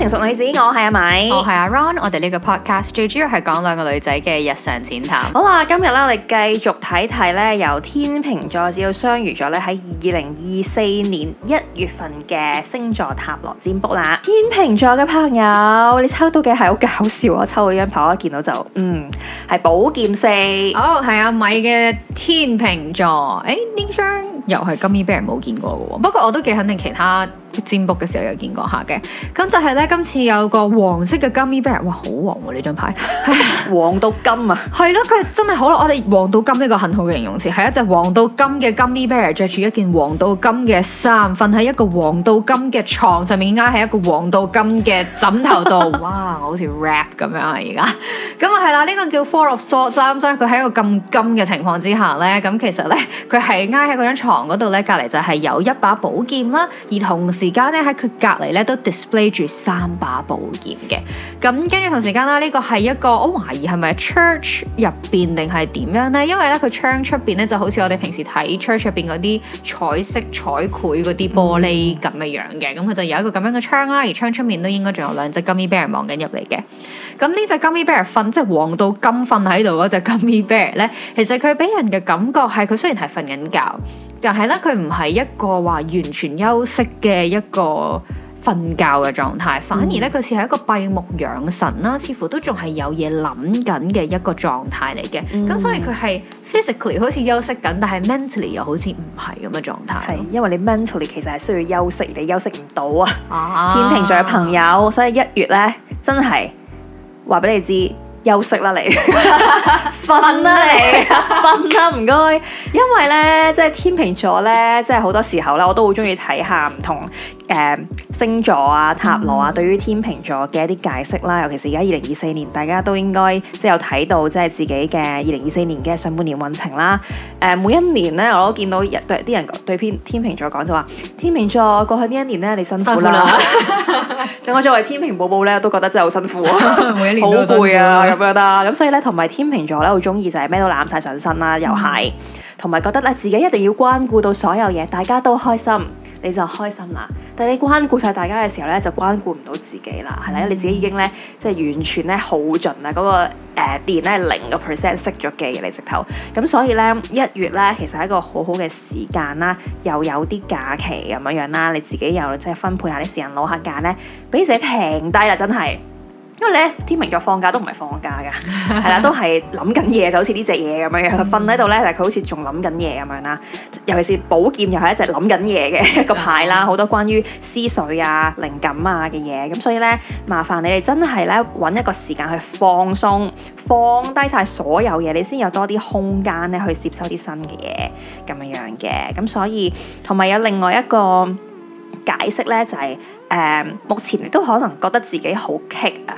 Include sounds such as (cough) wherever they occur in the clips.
三成淑女子，我係阿米，我係阿 Ron，我哋呢個 podcast 最主要係講兩個女仔嘅日常淺談。好啦，今日咧我哋繼續睇睇咧由天秤座至到雙魚座咧喺二零二四年一月份嘅星座塔羅占卜啦。天秤座嘅朋友，你抽到嘅係好搞笑啊！抽到張牌，我一見到就嗯係寶劍四。好係、oh, 阿米嘅天秤座，誒呢張。又係 gummy bear 冇見過嘅喎，不過我都幾肯定其他占卜嘅時候有見過下嘅，咁就係咧今次有個黃色嘅 gummy bear，哇好黃喎呢張牌， (laughs) (laughs) 黃到金啊！係咯，佢真係好咯，我哋黃到金呢個很好嘅形容詞，係一隻黃到金嘅 gummy bear 着住一件黃到金嘅衫，瞓喺一個黃到金嘅床上面，挨喺一個黃到金嘅枕頭度， (laughs) 哇！我好似 rap 咁樣啊而家，咁啊係啦，呢、 (laughs) 這個叫 Four of Swords，所以佢喺一個咁金嘅情況之下咧，咁其實咧佢係挨喺嗰張堂嗰度咧，隔籬就係有一把寶劍啦，而同時間咧喺佢隔籬咧都 display 住三把寶劍嘅。咁跟住同時間啦，呢、呢個係一個我懷疑係咪 church 入邊定係點樣呢？因為咧佢窗出邊咧就好似我哋平時睇 church 入邊嗰啲彩色彩繪嗰啲玻璃咁嘅樣嘅。咁佢就有一個咁樣嘅窗啦，而窗出面都應該仲有兩隻 gummy bear 俾人望緊入嚟嘅。咁呢隻 gummy bear 瞓即係黃到金瞓喺度隻 gummy bear 咧，其實佢俾人嘅感覺係佢雖然係瞓緊覺。但係咧，佢唔係一個話完全休息嘅一個瞓覺嘅狀態，反而咧佢似係一個閉目養神啦，似乎都仲係有嘢諗緊嘅一個狀態嚟嘅。咁、嗯、所以佢係 physically 好似休息緊，但係 mentally 又好似唔係咁嘅狀態。係，因為你 mentally 其實係需要休息，你休息唔到啊。 (laughs) 天秤座嘅朋友，所以一月咧真係話俾你知。休息啦 (laughs) 吧你，瞓啦你，瞓啦唔該，因為呢，即天秤座呢，即係好多時候呢，我都好中意睇下唔同。誒、嗯、星座啊、塔羅啊，嗯、對於天秤座嘅一啲解釋啦，尤其是而家二零二四年，大家都應該即係有睇到即係自己嘅二零二四年嘅上半年運程啦。誒、呃、每一年咧，我都見到人對啲人對天天秤座講就話：天秤座過去呢一年咧，你辛苦啦。就 (laughs) (laughs) 我作為天秤寶寶咧，都覺得真係好辛苦、啊， (laughs) 每一年好攰啊咁樣啦。咁 (laughs) (laughs) 所以咧，同埋天秤座咧好中意就係咩都攬晒上身啦，又係同埋覺得咧自己一定要關顧到所有嘢，大家都開心。你就開心啦，但係你關顧晒大家嘅時候呢，就關顧唔到自己啦，係咪？你自己已經呢，即係完全呢，好盡啦，嗰、那個誒、呃、電呢零個 percent 熄咗機嘅你直頭，咁所以呢，一月呢，其實係一個好好嘅時間啦，又有啲假期咁樣樣啦，你自己又即係分配下啲時間攞下假呢，俾自己停低啦，真係。因為咧，天明在放假都唔係放假㗎，係啦， (laughs) 都係諗緊嘢，就好似呢隻嘢咁樣樣，瞓喺度咧，但係佢好似仲諗緊嘢咁樣啦。尤其是寶劍，又係一隻諗緊嘢嘅個牌啦，好 (laughs) 多關於思緒啊、靈感啊嘅嘢。咁所以咧，麻煩你哋真係咧揾一個時間去放鬆，放低晒所有嘢，你先有多啲空間咧去接收啲新嘅嘢咁樣樣嘅。咁所以同埋有另外一個解釋咧，就係、是、誒、嗯，目前你都可能覺得自己好棘手啊。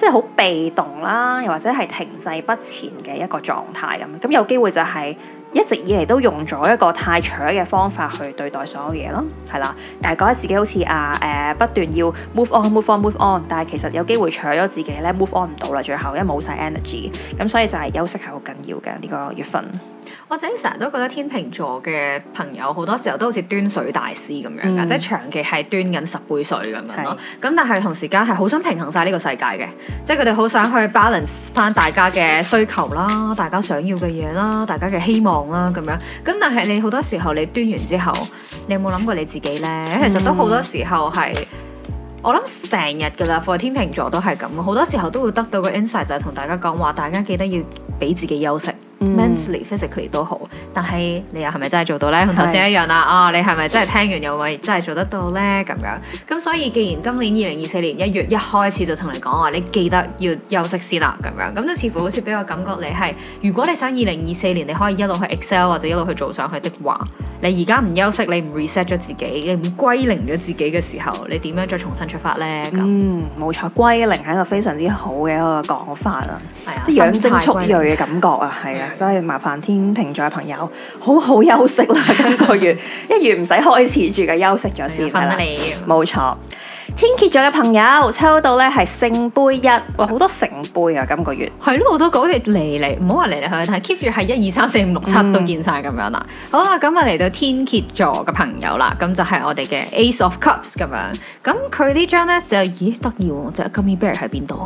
即係好被動啦，又或者係停滯不前嘅一個狀態咁，咁有機會就係一直以嚟都用咗一個太駛嘅方法去對待所有嘢咯，係啦，誒覺得自己好似啊誒、呃、不斷要 move on move on move on，但係其實有機會駛咗自己咧 move on 唔到啦，最後因為冇晒 energy，咁所以就係休息係好緊要嘅呢、這個月份。或者成日都覺得天秤座嘅朋友好多時候都好似端水大師咁樣嘅，嗯、即係長期係端緊十杯水咁樣咯。咁是但係同時間係好想平衡晒呢個世界嘅，即係佢哋好想去 balance 翻大家嘅需求啦、大家想要嘅嘢啦、大家嘅希望啦咁樣。咁但係你好多時候你端完之後，你有冇諗過你自己呢？其實都好多時候係、嗯、我諗成日噶啦，我係天秤座都係咁。好多時候都會得到個 insight，就係同大家講話，大家記得要俾自己休息。mentally、physically 都好， (music) 嗯、但係你又係咪真係做到呢？同頭先一樣啦，啊是、哦，你係咪真係聽完又咪真係做得到呢？咁樣咁所以，既然今年二零二四年一月一開始就同你講啊，你記得要休息先啦，咁樣咁就似乎好似俾我感覺你係，如果你想二零二四年你可以一路去 excel 或者一路去做上去的話，你而家唔休息，你唔 reset 咗自己，你唔歸零咗自己嘅時候，你點樣再重新出發呢？咁？冇錯、嗯，歸零係一個非常之好嘅一個講法啊，係啊、嗯，哎、呀即係養精蓄銳嘅感覺啊，係啊。嗯所以麻煩天秤座嘅朋友，好好休息啦！今個月一月唔使開始住嘅，休息咗先啦。翻冇錯。天蠍座嘅朋友抽到咧係聖杯一，哇好多聖杯啊！今個月係咯，我都講嘅嚟嚟，唔好話嚟嚟去去，但係 keep 住係一二三四五六七都見晒咁樣啦。好啦，咁啊嚟到天蠍座嘅朋友啦，咁就係我哋嘅 Ace of Cups 咁樣，咁佢呢張咧就咦得意就咁嘅牌喺邊度？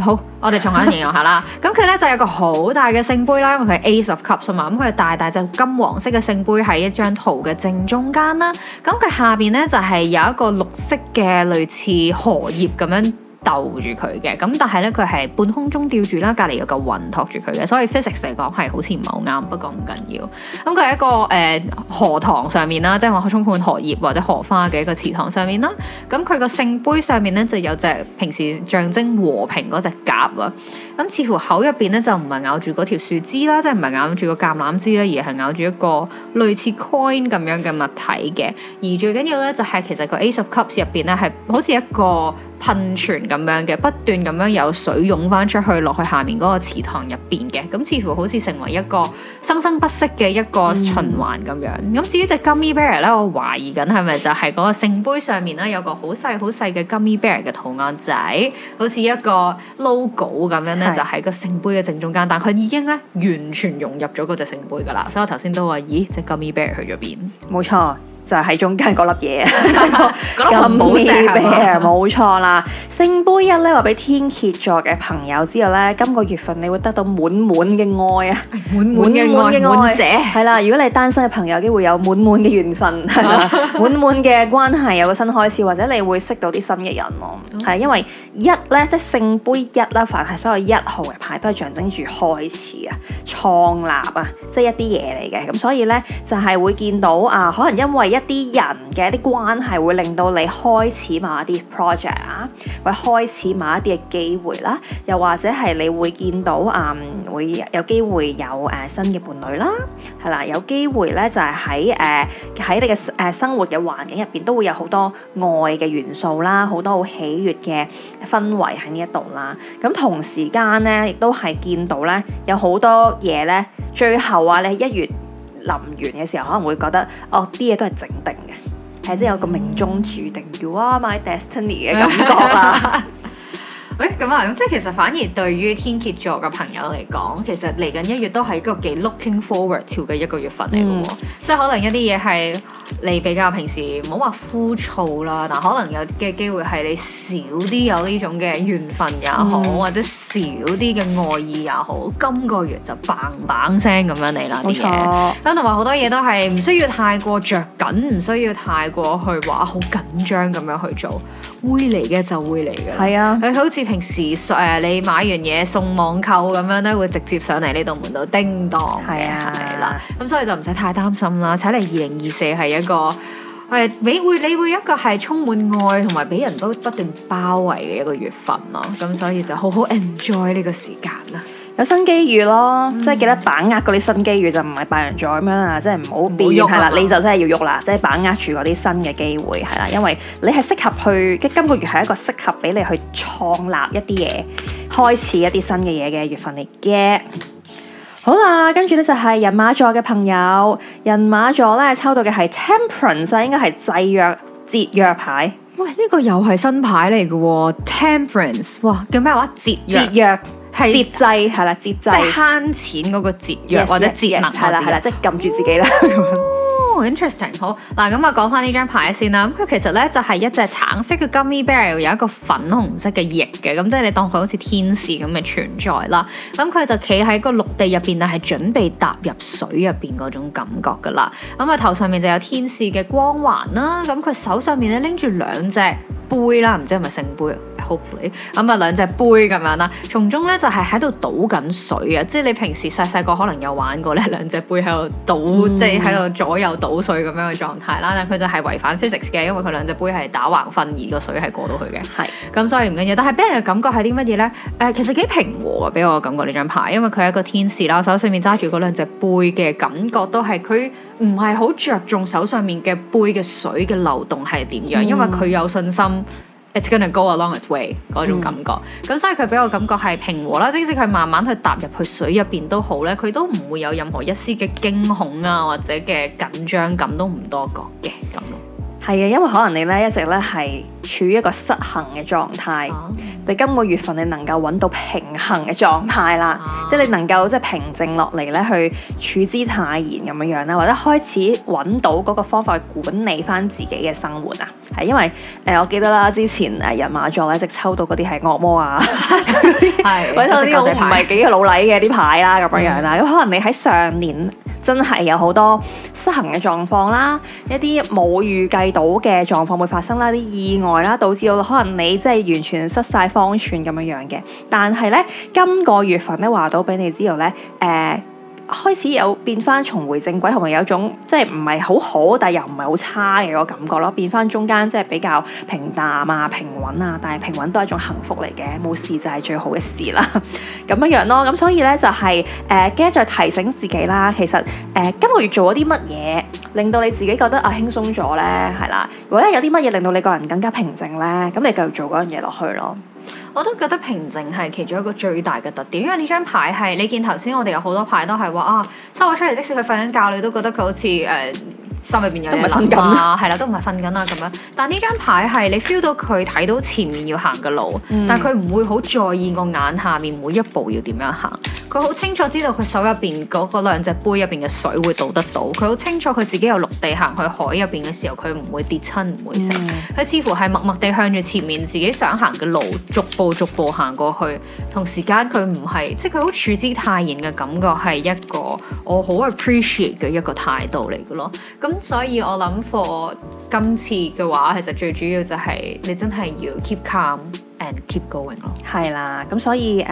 好，我哋重眼形容下啦。咁佢咧就是，有個好大嘅聖杯啦，因為佢係 Ace of Cups 嘛、嗯。咁佢大大隻金黃色嘅聖杯喺一張圖嘅正中間啦。咁佢下邊咧就係，是，有一個綠色嘅類似荷葉咁樣。逗住佢嘅咁，但係咧佢係半空中吊住啦，隔籬有嚿雲托住佢嘅，所以 physics 嚟講係好似唔係好啱，不過唔緊要。咁佢係一個誒、呃、荷塘上面啦，即係話充滿荷葉或者荷花嘅一個池塘上面啦。咁佢個聖杯上面咧就有隻平時象徵和平嗰隻鴿啊。咁、嗯、似乎口入邊咧就唔係咬住嗰條樹枝啦，即係唔係咬住個橄欖枝啦，而係咬住一個類似 coin 咁樣嘅物體嘅。而最緊要咧就係、是、其實個 Ace of Cups 入邊咧係好似一個。噴泉咁樣嘅，不斷咁樣有水湧翻出去落去下面嗰個池塘入邊嘅，咁似乎好似成為一個生生不息嘅一個循環咁樣。咁、嗯、至於隻 Gummy Bear 咧，我懷疑緊係咪就係嗰個聖杯上面咧有個好細好細嘅 Gummy Bear 嘅圖案仔，好、就、似、是、一個 logo 咁樣咧，是就喺個聖杯嘅正中間，但佢已經咧完全融入咗嗰隻聖杯噶啦。所以我頭先都話，咦，隻 Gummy Bear 去咗邊？冇錯。就喺中間嗰粒嘢，咁冇射，冇錯啦。聖杯一咧話俾天蠍座嘅朋友知道咧，今個月份你會得到滿滿嘅愛啊，滿滿嘅愛，滿射係者啦。如果你單身嘅朋友，都會有滿滿嘅緣分，係啦， (laughs) 滿滿嘅關係有個新開始，或者你會識到啲新嘅人咯、啊。 (laughs) 係因為一咧，即係聖杯一啦，凡係所有一號嘅牌，都係象徵住開始啊、創立啊，即係一啲嘢嚟嘅。咁所以咧，就係會見到啊，可能因為一啲人嘅一啲關係會令到你開始某一啲 project 啊，或開始某一啲嘅機會啦，又或者係你會見到嗯會有機會有誒新嘅伴侶啦，係啦，有機會咧就係喺誒喺你嘅誒生活嘅環境入邊都會有好多愛嘅元素啦，好多好喜悅嘅氛圍喺呢一度啦，咁同時間咧亦都係見到咧有好多嘢咧，最後啊你係一月，臨完嘅時候，可能會覺得哦啲嘢都係整定嘅，係、mm. 即係有個命中注定、mm.，You are my destiny 嘅感覺啦。喂，咁啊，咁即係其實反而對於天蠍座嘅朋友嚟講，其實嚟緊一月都係一個幾 looking forward to 嘅一個月份嚟嘅，mm. 即係可能一啲嘢係。你比較平時唔好話枯燥啦，嗱可能有嘅機會係你少啲有呢種嘅緣分也好，嗯、或者少啲嘅愛意也好，今個月就棒棒聲咁樣嚟啦啲嘢，咁同埋好多嘢都係唔需要太過着緊，唔需要太過去話好緊張咁樣去做，會嚟嘅就會嚟嘅。係啊，佢好似平時誒、呃、你買完嘢送網購咁樣咧，會直接上嚟呢度門度叮當嘅、啊啊、啦，咁所以就唔使太擔心啦。睇嚟二零二四係一個個誒，你會你會一個係充滿愛同埋俾人都不斷包圍嘅一個月份咯，咁所以就好好 enjoy 呢個時間啦。有新機遇咯，嗯、即係記得把握嗰啲新機遇就唔係白羊座咁樣啊，即係唔好變係啦，你就真係要喐啦，即、就、係、是、把握住嗰啲新嘅機會係啦，因為你係適合去，今個月係一個適合俾你去創立一啲嘢，開始一啲新嘅嘢嘅月份嚟嘅。好啦，跟住咧就係人馬座嘅朋友，人馬座咧抽到嘅係 Temperance，應該係制約、節約牌。喂，呢個又係新牌嚟嘅喎，Temperance，哇，叫咩話？節約、節約係節制，係啦，節制，即係慳錢嗰個節約或者節能，係啦係啦，即係撳住自己啦。Oh, interesting，好嗱，咁啊，講翻呢張牌先啦，咁佢其實咧就係一隻橙色嘅 gummy bear，有一個粉紅色嘅翼嘅，咁即係你當佢好似天使咁嘅存在啦，咁佢就企喺個陸地入邊，但係準備踏入水入邊嗰種感覺噶啦，咁啊頭上面就有天使嘅光環啦，咁佢手上面咧拎住兩隻杯啦，唔知係咪聖杯。Hopefully 咁、嗯、啊，兩隻杯咁樣啦，從中咧就係喺度倒緊水啊，即係你平時細細個可能有玩過咧，兩隻杯喺度倒，嗯、即係喺度左右倒水咁樣嘅狀態啦。但佢就係違反 physics 嘅，因為佢兩隻杯係打橫瞓，而個水係過到去嘅。係咁是、嗯，所以唔緊要。但係俾人嘅感覺係啲乜嘢咧？誒、呃，其實幾平和啊，俾我感覺呢張牌，因為佢係一個天使啦，手上面揸住嗰兩隻杯嘅感覺都係，佢唔係好着重手上面嘅杯嘅水嘅流動係點樣，嗯、因為佢有信心。It's going to go along its way 嗰種感覺，咁所以佢俾我感覺係平和啦，即使佢慢慢去踏入去水入邊都好咧，佢都唔會有任何一絲嘅驚恐啊，或者嘅緊張感都唔多覺嘅咁咯。係啊，因為可能你咧一直咧係。處於一個失衡嘅狀態，你、嗯、今個月份你能夠揾到平衡嘅狀態啦，嗯、即係你能夠即係平靜落嚟咧，去處之泰然咁樣樣啦，或者開始揾到嗰個方法去管理翻自己嘅生活啊。係因為誒，我記得啦，之前誒人馬座咧，一直抽到嗰啲係惡魔啊，係、嗯，呢啲唔係幾老禮嘅啲牌啦，咁樣樣啦，因可能你喺上年真係有好多失衡嘅狀況啦，一啲冇預計到嘅狀況會發生啦，一啲意外。外啦，導致到可能你即係完全失晒方寸咁樣樣嘅。但係呢，今個月份呢，話到俾你知道呢，誒開始有變翻重回正軌，同埋有種即係唔係好好，但係又唔係好差嘅個感覺咯。變翻中間即係比較平淡啊、平穩啊，但係平穩都係一種幸福嚟嘅，冇事就係最好嘅事啦。咁樣樣咯，咁所以呢，就係誒，記得提醒自己啦。其實誒、呃，今個月做咗啲乜嘢？令到你自己覺得啊輕鬆咗呢，係啦。如果係有啲乜嘢令到你個人更加平靜呢，咁你繼續做嗰樣嘢落去咯。我都覺得平靜係其中一個最大嘅特點，因為呢張牌係你見頭先我哋有好多牌都係話啊，收咗出嚟，即使佢瞓緊覺，你都覺得佢好似誒。呃心入邊有嘢諗啦，係啦，都唔係瞓緊啦咁樣。但呢張牌係你 feel 到佢睇到前面要行嘅路，嗯、但佢唔會好在意個眼下面每一步要點樣行。佢好清楚知道佢手入邊嗰嗰兩隻杯入邊嘅水會倒得到。佢好清楚佢自己由陸地行去海入邊嘅時候，佢唔會跌親，唔會死。佢、嗯、似乎係默默地向住前面自己想行嘅路，逐步逐步行過去。同時間佢唔係，即係佢好處之泰然嘅感覺係一個我好 appreciate 嘅一個態度嚟嘅咯。咁所以，我諗 for 今次嘅話，其實最主要就係你真係要 keep calm and keep going 咯。係啦，咁所以誒，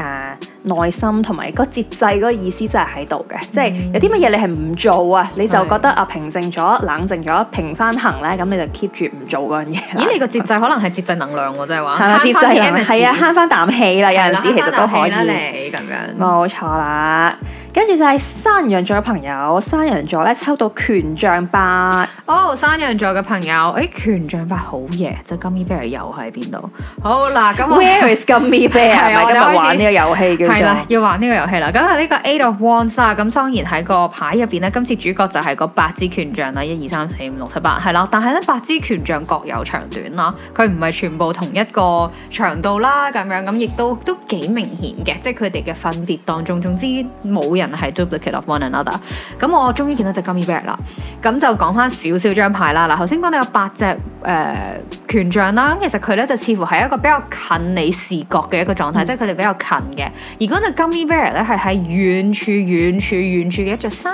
耐心同埋個節制嗰個意思真係喺度嘅，即係有啲乜嘢你係唔做啊，你就覺得啊平靜咗、冷靜咗、平翻行咧，咁你就 keep 住唔做嗰樣嘢。咦？你個節制可能係節制能量喎，即係話慳翻 energy，係啊，慳翻啖氣啦，有陣時其實都可以冇錯啦。跟住就係山羊座嘅朋友，山羊座咧抽到權杖八。哦，oh，山羊座嘅朋友，誒、哎，權杖八好嘢，就金幣係又喺邊度？好嗱，咁 Where is 金幣啊？是，是我哋今日玩呢個遊戲叫，係啦，要玩呢個遊戲啦。咁啊，呢個 Eight of Wands 啊，咁當然喺個牌入邊咧，今次主角就係個八支權杖啦，一二三四五六七八，係啦。但係咧，八支權杖各有長短啦，佢唔係全部同一個長度啦，咁樣咁亦都都幾明顯嘅，即係佢哋嘅分別當中，總之冇。人係 duplicate of one another，咁我終於見到隻 Gummy Bear 啦，咁就講翻少少張牌啦。嗱，頭先講到有八隻誒、呃、權杖啦，咁其實佢咧就似乎係一個比較近你視覺嘅一個狀態，嗯、即係佢哋比較近嘅。而嗰隻 Gummy Bear 咧係喺遠處、遠處、遠處嘅一座山，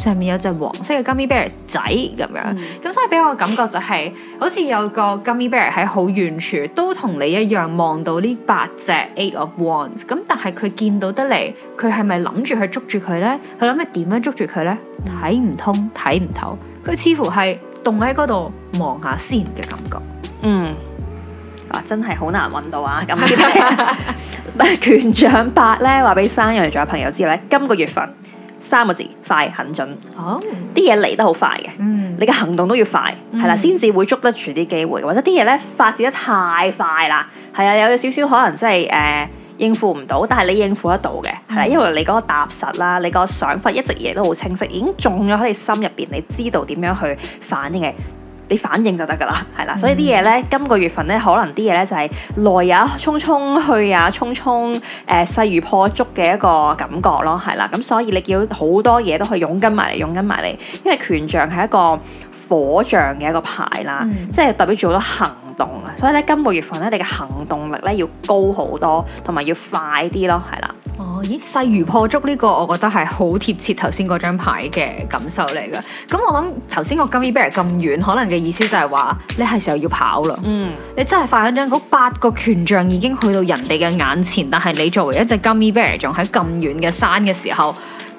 上面有隻黃色嘅 Gummy Bear 仔咁樣，咁、嗯、所以俾我感覺就係、是、好似有個 Gummy Bear 喺好遠處，都同你一樣望到呢八隻 eight of wands，咁但係佢見到得嚟，佢係咪諗住去捉住佢呢？佢諗住點樣捉住佢呢？睇唔通，睇唔透，佢似乎係凍喺嗰度望下先嘅感覺。嗯，嗱，真係好難揾到啊！咁權杖八呢？話俾山羊座朋友知咧，今個月份。三個字，快、狠、準。哦、oh.，啲嘢嚟得好快嘅，嗯，你嘅行動都要快，係啦、mm.，先至會捉得住啲機會。或者啲嘢呢發展得太快啦，係啊，有少少可能真係誒、呃、應付唔到，但係你應付得到嘅，係啦，mm. 因為你嗰個踏實啦，你個想法一直嘢都好清晰，已經中咗喺你心入邊，你知道點樣去反應嘅。你反應就得噶啦，係啦，所以啲嘢咧，今個月份咧，可能啲嘢咧就係來也匆匆，冲衝去也匆匆，誒勢如破竹嘅一個感覺咯，係啦，咁所以你見到好多嘢都可以湧緊埋嚟，湧緊埋嚟，因為權杖係一個火象嘅一個牌啦，嗯、即係代表做咗行動啊，所以咧今個月份咧，你嘅行動力咧要高好多，同埋要快啲咯，係啦。哦，咦，勢如破竹呢個，我覺得係好貼切頭先嗰張牌嘅感受嚟㗎。咁我諗頭先個 Gummy Bear 咁遠，可能嘅意思就係話，你係時候要跑啦。嗯，你真係發緊張，嗰八個權杖已經去到人哋嘅眼前，但係你作為一隻 Gummy Bear，仲喺咁遠嘅山嘅時候。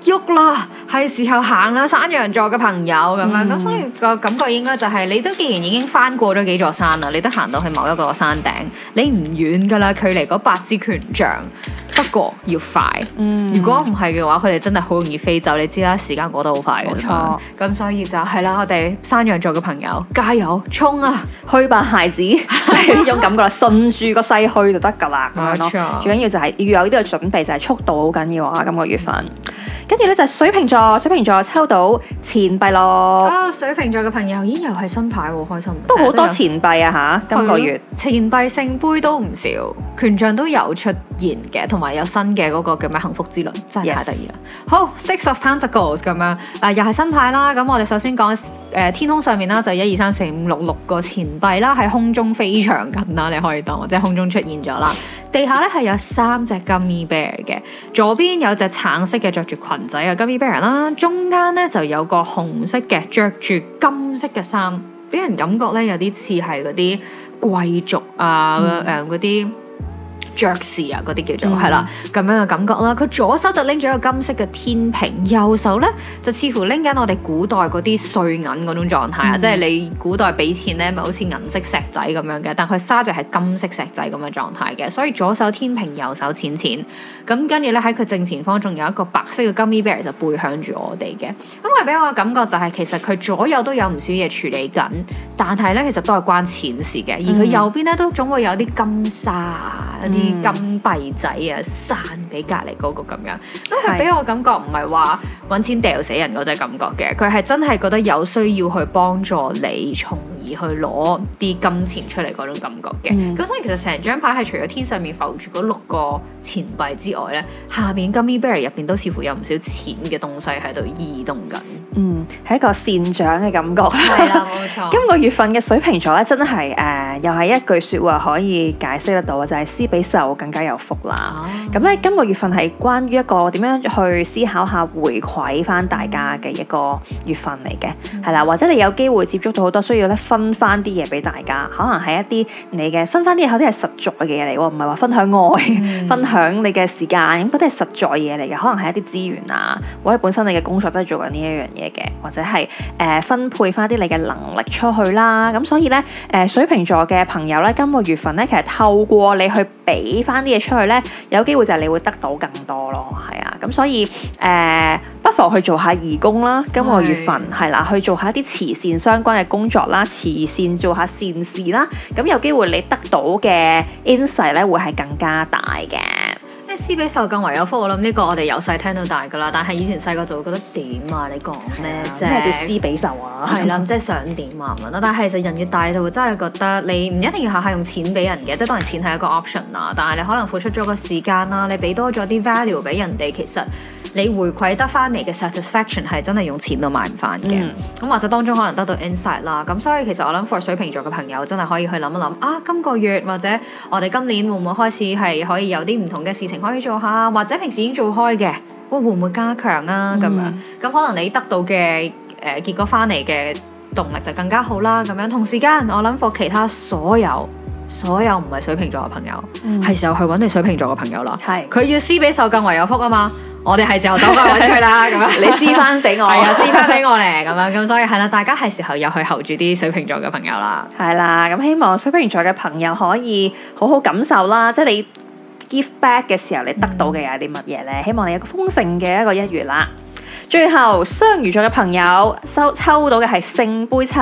喐啦，係時候行啦，山羊座嘅朋友咁樣咁，嗯、所以個感覺應該就係、是、你都既然已經翻過咗幾座山啦，你都行到去某一個山頂，你唔遠噶啦，距離嗰八支權杖，不過要快。嗯，如果唔係嘅話，佢哋真係好容易飛走。你知啦，時間過得好快。冇錯錯，咁、嗯、所以就係啦，我哋山羊座嘅朋友，加油衝啊，去吧，孩子，呢 (laughs) (laughs) 種感覺啦，順住個勢去就得噶啦。冇錯、嗯，錯最緊要就係、是、要有呢個準備，就係速度好緊要啊。今、這個月份。嗯跟住咧就係水瓶座，水瓶座抽到錢幣咯。哦，水瓶座嘅朋友，咦又係新牌喎，開心！都好多錢幣啊吓，啊今個月的錢幣聖杯都唔少，權杖都有出現嘅，同埋有新嘅嗰個叫咩幸福之輪，Yes. 真係太得意啦。好，Six of Pentacles 咁樣，啊、呃、又係新牌啦。咁我哋首先講誒、呃、天空上面啦，就一二三四五六六個錢幣啦，喺空中飛翔緊啦，你可以當我即係空中出現咗啦。地下咧係有三隻 gummy bear 嘅，左邊有隻橙色嘅着住裙。仔啊，金衣 bear 啦，中間咧就有個紅色嘅，着住金色嘅衫，俾人感覺咧有啲似係嗰啲貴族啊，誒嗰啲。爵士啊，嗰啲叫做係啦，咁、嗯、樣嘅感覺啦。佢左手就拎咗個金色嘅天平，右手呢，就似乎拎緊我哋古代嗰啲碎銀嗰種狀態啊，嗯、即係你古代俾錢呢咪、就是、好似銀色石仔咁樣嘅，但佢揸住係金色石仔咁嘅狀態嘅。所以左手天平，右手錢錢。咁跟住呢，喺佢正前方仲有一個白色嘅 Gummy Bear 就背向住我哋嘅，咁係俾我嘅感覺就係、是、其實佢左右都有唔少嘢處理緊，但係呢，其實都係關錢事嘅。而佢右邊呢，都總會有啲金沙啊，啲、嗯。嗯金幣仔啊，散俾隔籬嗰個咁樣，咁佢俾我感覺唔係話揾錢掉死人嗰隻感覺嘅，佢係真係覺得有需要去幫助你從。去攞啲金錢出嚟嗰種感覺嘅，咁所以其實成張牌係除咗天上面浮住嗰六個錢幣之外咧，下邊金邊 Barrier 入邊都似乎有唔少錢嘅東西喺度移動緊，嗯，係一個善長嘅感覺，係 (laughs) 啦，冇錯。今個月份嘅水瓶座咧，真係誒、呃，又係一句説話可以解釋得到啊，就係、是、施比受更加有福啦。咁咧、啊，今個月份係關於一個點樣去思考下回饋翻大家嘅一個月份嚟嘅，係啦、嗯，或者你有機會接觸到好多需要咧分分翻啲嘢俾大家，可能係一啲你嘅分翻啲嘢，嗰啲係實在嘅嘢嚟喎，唔係話分享愛，嗯、分享你嘅時間，咁啲係實在嘢嚟嘅，可能係一啲資源啊，或者本身你嘅工作都係做緊呢一樣嘢嘅，或者係誒、呃、分配翻啲你嘅能力出去啦，咁所以呢，誒、呃、水瓶座嘅朋友呢，今個月份呢，其實透過你去俾翻啲嘢出去呢，有機會就係你會得到更多咯，係啊，咁所以誒、呃、不妨去做下義工啦，今個月份係啦的，去做下一啲慈善相關嘅工作啦，慈善做下善事啦，咁有機會你得到嘅 insight 咧，會係更加大嘅。因為施比受更為有福，我諗呢個我哋由細聽到大噶啦。但係以前細個就會覺得點啊？你講咩啫？咩叫施比受啊？係啦、啊，即係、 (laughs) 就是、想點啊嘛？但係其實人越大你就會真係覺得你唔一定要下下用錢俾人嘅，即係當然錢係一個 option 啊。但係你可能付出咗個時間啦，你俾多咗啲 value 俾人哋，其實。你回饋得翻嚟嘅 satisfaction 係真係用錢都買唔翻嘅，咁、嗯、或者當中可能得到 insight 啦。咁所以其實我諗，for 水瓶座嘅朋友真係可以去諗一諗啊，啊，今個月或者我哋今年會唔會開始係可以有啲唔同嘅事情可以做下，或者平時已經做開嘅，我會唔會加強啊？咁、嗯、樣咁可能你得到嘅誒、呃、結果翻嚟嘅動力就更加好啦。咁樣同時間我諗，for 其他所有所有唔係水瓶座嘅朋友，係、嗯、時候去揾你水瓶座嘅朋友啦。係是，佢要施比受更為有福啊嘛～我哋係時候倒返去搵佢啦，咁 (laughs) 樣你撕翻俾我， (laughs) 係啊，撕翻俾我咧，咁樣，咁所以係啦，大家係時候又去候住啲水瓶座嘅朋友啦，係啦， (laughs) 咁希望水瓶座嘅朋友可以好好感受啦，即係你 give back 嘅時候，你得到嘅係啲乜嘢咧？嗯、希望你有個豐盛嘅一個一月啦。最後雙魚座嘅朋友收抽到嘅係聖杯七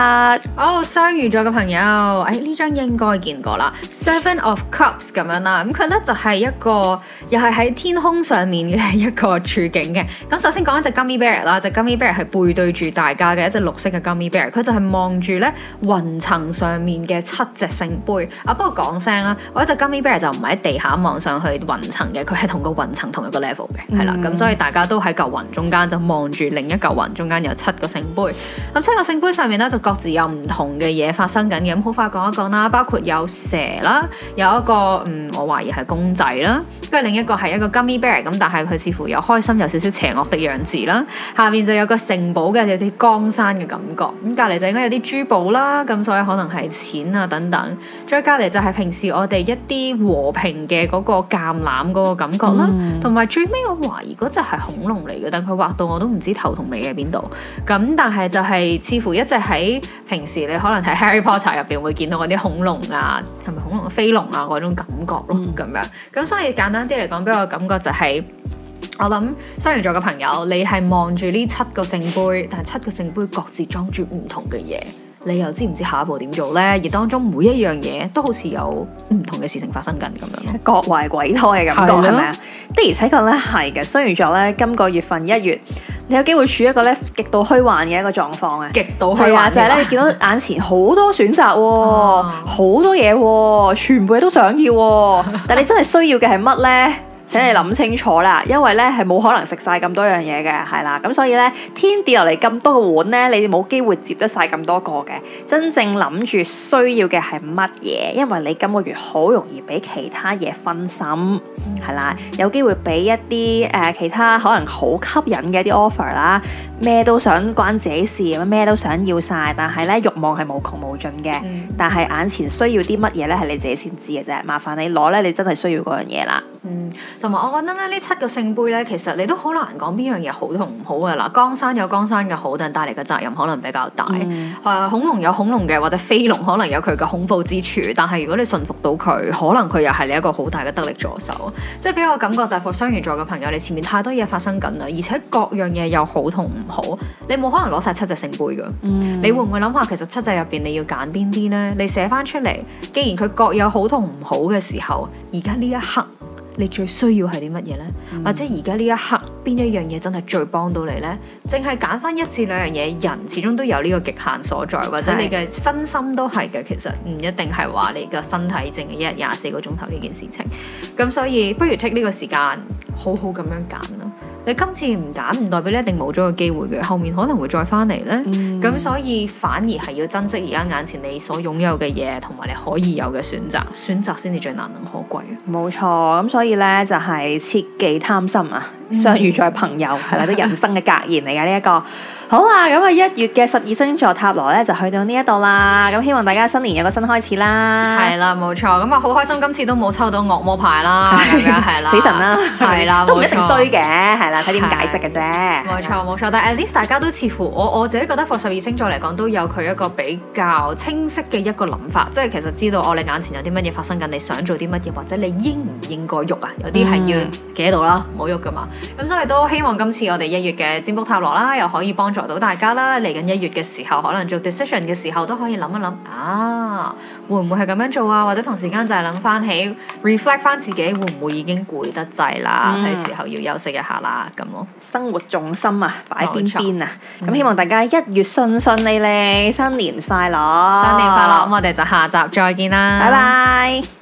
哦，雙魚座嘅朋友，誒呢、oh, 哎、張應該見過啦，Seven of Cups 咁樣啦，咁、嗯、佢呢就係、是、一個又係喺天空上面嘅一個處境嘅。咁、嗯、首先講一隻 Gummy Bear 啦，隻 Gummy Bear 係背對住大家嘅一隻綠色嘅 Gummy Bear，佢就係望住呢雲層上面嘅七隻聖杯。啊，不過講聲啦，我一隻 Gummy Bear 就唔係喺地下望上去雲層嘅，佢係同個雲層同一個 level 嘅，係啦、mm.，咁、嗯、所以大家都喺嚿雲中間就望。望住另一嚿雲，中間有七個聖杯。咁、嗯、七個聖杯上面呢，就各自有唔同嘅嘢發生緊嘅。咁、嗯、好快講一講啦，包括有蛇啦，有一個嗯我懷疑係公仔啦，跟住另一個係一個 gummy bear 咁、嗯，但係佢似乎有開心有少少邪惡嘅樣子啦。下面就有個城堡嘅，有啲江山嘅感覺。咁隔離就應該有啲珠寶啦，咁所以可能係錢啊等等。再隔離就係平時我哋一啲和平嘅嗰個橄欖嗰個感覺啦。同埋、嗯、最尾我懷疑嗰隻係恐龍嚟嘅，但佢畫到我都～都唔知頭同尾喺邊度，咁但係就係似乎一直喺平時你可能喺 Harry Potter 入邊會見到嗰啲恐龍啊，係咪恐龍、飛龍啊嗰種感覺咯，咁、嗯、樣，咁所以簡單啲嚟講，俾我感覺就係、是、我諗雙魚座嘅朋友，你係望住呢七個聖杯，但係七個聖杯各自裝住唔同嘅嘢，你又知唔知下一步點做呢？而當中每一樣嘢都好似有唔同嘅事情發生緊咁樣，各懷鬼胎嘅感覺係咪啊？的而且確咧係嘅，雙魚座咧今個月份一月。你有機會處於一個咧極度虛幻嘅一個狀況啊！極度虛幻 (laughs) 就係你見到眼前好多選擇，好 (laughs) 多嘢，全部都想要，但你真係需要嘅係乜呢？請你諗清楚啦，因為咧係冇可能食晒咁多樣嘢嘅，係啦，咁所以咧天跌落嚟咁多個碗咧，你冇機會接得晒咁多個嘅。真正諗住需要嘅係乜嘢？因為你今個月好容易俾其他嘢分心，係啦、嗯，有機會俾一啲誒、呃、其他可能好吸引嘅一啲 offer 啦，咩都想關自己事，咩都想要晒。但係咧欲望係無窮無盡嘅。嗯、但係眼前需要啲乜嘢咧？係你自己先知嘅啫。麻煩你攞咧，你真係需要嗰樣嘢啦。嗯。同埋，我覺得咧，呢七個聖杯呢，其實你都好難講邊樣嘢好同唔好嘅啦。江山有江山嘅好，但帶嚟嘅責任可能比較大。嗯、恐龍有恐龍嘅，或者飛龍可能有佢嘅恐怖之處。但係如果你信服到佢，可能佢又係你一個好大嘅得力助手。即係俾我感覺就係雙魚座嘅朋友，你前面太多嘢發生緊啦，而且各樣嘢又好同唔好，你冇可能攞晒七隻聖杯㗎。嗯、你會唔會諗下？其實七隻入邊你要揀邊啲呢？你寫翻出嚟，既然佢各有好同唔好嘅時候，而家呢一刻。你最需要係啲乜嘢呢？嗯、或者而家呢一刻邊一樣嘢真係最幫到你呢？淨係揀翻一至兩樣嘢，人始終都有呢個極限所在，或者你嘅身心都係嘅。的其實唔一定係話你嘅身體淨係一日廿四個鐘頭呢件事情。咁所以不如 take 呢個時間好好咁樣揀囉。你今次唔揀，唔代表你一定冇咗個機會嘅，後面可能會再翻嚟咧。咁、嗯、所以反而係要珍惜而家眼前你所擁有嘅嘢，同埋你可以有嘅選擇，選擇先至最難能可貴。冇錯，咁所以咧就係、是、切忌貪心啊！相遇在朋友，係咪都人生嘅格言嚟嘅呢一個好？好啊，咁啊一月嘅十二星座塔羅咧就去到呢一度啦。咁希望大家新年有個新開始啦。係啦，冇錯。咁啊，好開心今次都冇抽到惡魔牌啦，係啦， (laughs) 死神啦，係啦，都唔一定衰嘅，係啦，睇點解釋嘅啫。冇錯，冇錯了。但係 at least 大家都似乎我我自己覺得 for 十二星座嚟講，都有佢一個比較清晰嘅一個諗法，即係其實知道我哋眼前有啲乜嘢發生緊，你想做啲乜嘢，或者你應唔應該喐啊？有啲係要企喺度啦，冇喐噶嘛。咁所以都希望今次我哋一月嘅占卜塔羅啦，又可以幫助到大家啦。嚟緊一月嘅時候，可能做 decision 嘅時候，都可以諗一諗，啊，會唔會係咁樣做啊？或者同時間就係諗翻起 reflect 翻自己，會唔會已經攰得滯啦？係、嗯、時候要休息一下啦。咁咯，生活重心啊，擺邊邊啊。咁錯希望大家一月順順利利，嗯、新年快樂，新年快樂。咁我哋就下集再見啦，拜拜。